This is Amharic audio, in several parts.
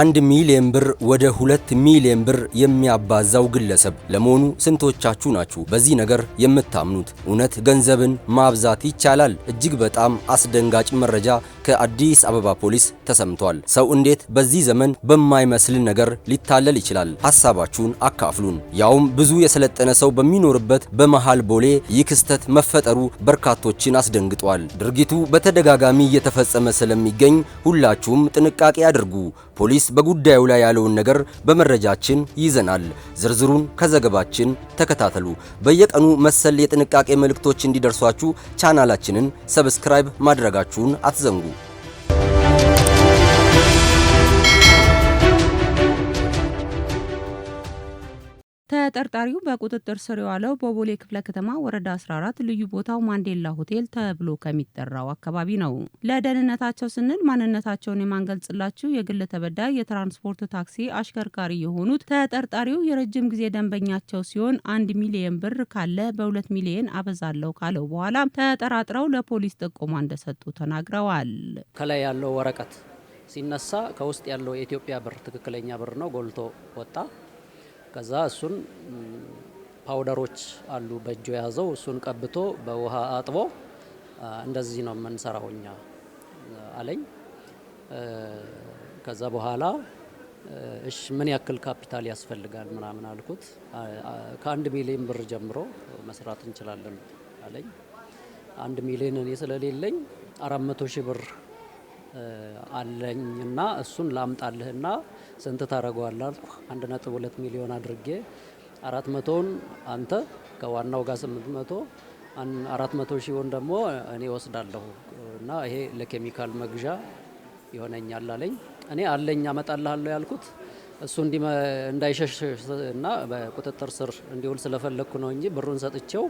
አንድ ሚሊዮን ብር ወደ ሁለት ሚሊዮን ብር የሚያባዛው ግለሰብ ለመሆኑ ስንቶቻችሁ ናችሁ በዚህ ነገር የምታምኑት? እውነት ገንዘብን ማብዛት ይቻላል? እጅግ በጣም አስደንጋጭ መረጃ ከአዲስ አበባ ፖሊስ ተሰምቷል። ሰው እንዴት በዚህ ዘመን በማይመስልን ነገር ሊታለል ይችላል? ሐሳባችሁን አካፍሉን። ያውም ብዙ የሰለጠነ ሰው በሚኖርበት በመሃል ቦሌ ይህ ክስተት መፈጠሩ በርካቶችን አስደንግጧል። ድርጊቱ በተደጋጋሚ እየተፈጸመ ስለሚገኝ ሁላችሁም ጥንቃቄ አድርጉ። ፖሊስ በጉዳዩ ላይ ያለውን ነገር በመረጃችን ይዘናል። ዝርዝሩን ከዘገባችን ተከታተሉ። በየቀኑ መሰል የጥንቃቄ መልእክቶች እንዲደርሷችሁ ቻናላችንን ሰብስክራይብ ማድረጋችሁን አትዘንጉ። ተጠርጣሪው በቁጥጥር ስር የዋለው በቦሌ ክፍለ ከተማ ወረዳ 14 ልዩ ቦታው ማንዴላ ሆቴል ተብሎ ከሚጠራው አካባቢ ነው። ለደህንነታቸው ስንል ማንነታቸውን የማንገልጽላችሁ የግል ተበዳይ የትራንስፖርት ታክሲ አሽከርካሪ የሆኑት ተጠርጣሪው የረጅም ጊዜ ደንበኛቸው ሲሆን አንድ ሚሊየን ብር ካለ በሁለት ሚሊየን አበዛለሁ ካለው በኋላ ተጠራጥረው ለፖሊስ ጥቆማ እንደሰጡ ተናግረዋል። ከላይ ያለው ወረቀት ሲነሳ ከውስጥ ያለው የኢትዮጵያ ብር ትክክለኛ ብር ነው፣ ጎልቶ ወጣ። ከዛ እሱን ፓውደሮች አሉ በእጁ የያዘው እሱን ቀብቶ በውሃ አጥቦ እንደዚህ ነው የምንሰራው እኛ አለኝ። ከዛ በኋላ እሽ ምን ያክል ካፒታል ያስፈልጋል ምናምን አልኩት። ከአንድ ሚሊዮን ብር ጀምሮ መስራት እንችላለን አለኝ። አንድ ሚሊዮን እኔ ስለሌለኝ አራት መቶ ሺህ ብር አለኝና እሱን ላምጣልህና ስንት ታደርገዋለህ አልኩ። አንድ ነጥብ ሁለት ሚሊዮን አድርጌ አራት መቶውን አንተ ከዋናው ጋር ስምንት መቶ አራት መቶ ሺውን ደግሞ እኔ ወስዳለሁ እና ይሄ ለኬሚካል መግዣ ይሆነኛል አለኝ። እኔ አለኝ አመጣልሃለሁ ያልኩት እሱ እንዳይሸሽ እና በቁጥጥር ስር እንዲውል ስለፈለግኩ ነው እንጂ ብሩን ሰጥቼው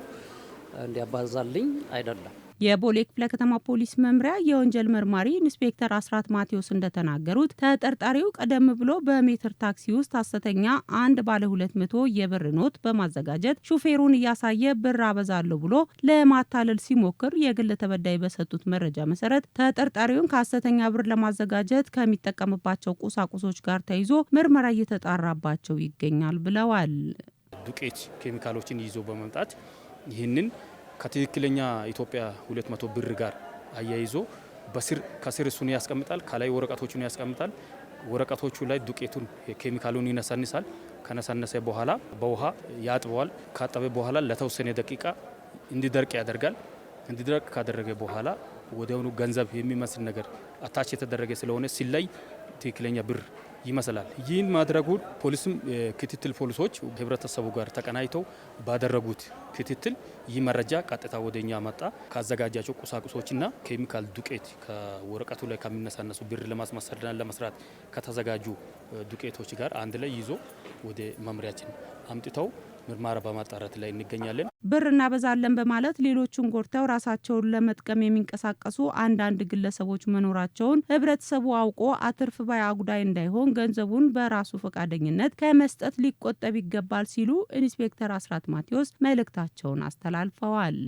እንዲያባዛልኝ አይደለም። የቦሌ ክፍለ ከተማ ፖሊስ መምሪያ የወንጀል መርማሪ ኢንስፔክተር አስራት ማቴዎስ እንደተናገሩት ተጠርጣሪው ቀደም ብሎ በሜትር ታክሲ ውስጥ ሐሰተኛ አንድ ባለ ሁለት መቶ የብር ኖት በማዘጋጀት ሹፌሩን እያሳየ ብር አበዛለሁ ብሎ ለማታለል ሲሞክር የግል ተበዳይ በሰጡት መረጃ መሰረት ተጠርጣሪውን ከሐሰተኛ ብር ለማዘጋጀት ከሚጠቀምባቸው ቁሳቁሶች ጋር ተይዞ ምርመራ እየተጣራባቸው ይገኛል ብለዋል። ዱቄት ኬሚካሎችን ይዞ በመምጣት ይህንን ከትክክለኛ ኢትዮጵያ 200 ብር ጋር አያይዞ በስር ከስር እሱን ያስቀምጣል፣ ከላይ ወረቀቶቹን ያስቀምጣል። ወረቀቶቹ ላይ ዱቄቱን ኬሚካሉን ይነሳንሳል። ከነሳነሰ በኋላ በውሃ ያጥበዋል። ካጠበ በኋላ ለተወሰነ ደቂቃ እንዲደርቅ ያደርጋል። እንዲደርቅ ካደረገ በኋላ ወዲያውኑ ገንዘብ የሚመስል ነገር አታች የተደረገ ስለሆነ ሲለይ ትክክለኛ ብር ይመስላል። ይህን ማድረጉ ፖሊስም ክትትል ፖሊሶች ህብረተሰቡ ጋር ተቀናይተው ባደረጉት ክትትል ይህ መረጃ ቀጥታ ወደኛ መጣ። ካዘጋጃቸው ቁሳቁሶችና ኬሚካል ዱቄት ከወረቀቱ ላይ ከሚነሳነሱ ብር ለማስመሰልና ለመስራት ከተዘጋጁ ዱቄቶች ጋር አንድ ላይ ይዞ ወደ መምሪያችን አምጥተው ምርመራ በማጣራት ላይ እንገኛለን። ብር እናበዛለን በማለት ሌሎችን ጎድተው ራሳቸውን ለመጥቀም የሚንቀሳቀሱ አንዳንድ ግለሰቦች መኖራቸውን ህብረተሰቡ አውቆ አትርፍ ባይ አጉዳይ እንዳይሆን ገንዘቡን በራሱ ፈቃደኝነት ከመስጠት ሊቆጠብ ይገባል ሲሉ ኢንስፔክተር አስራት ማቴዎስ መልእክታቸውን አስተላልፈዋል።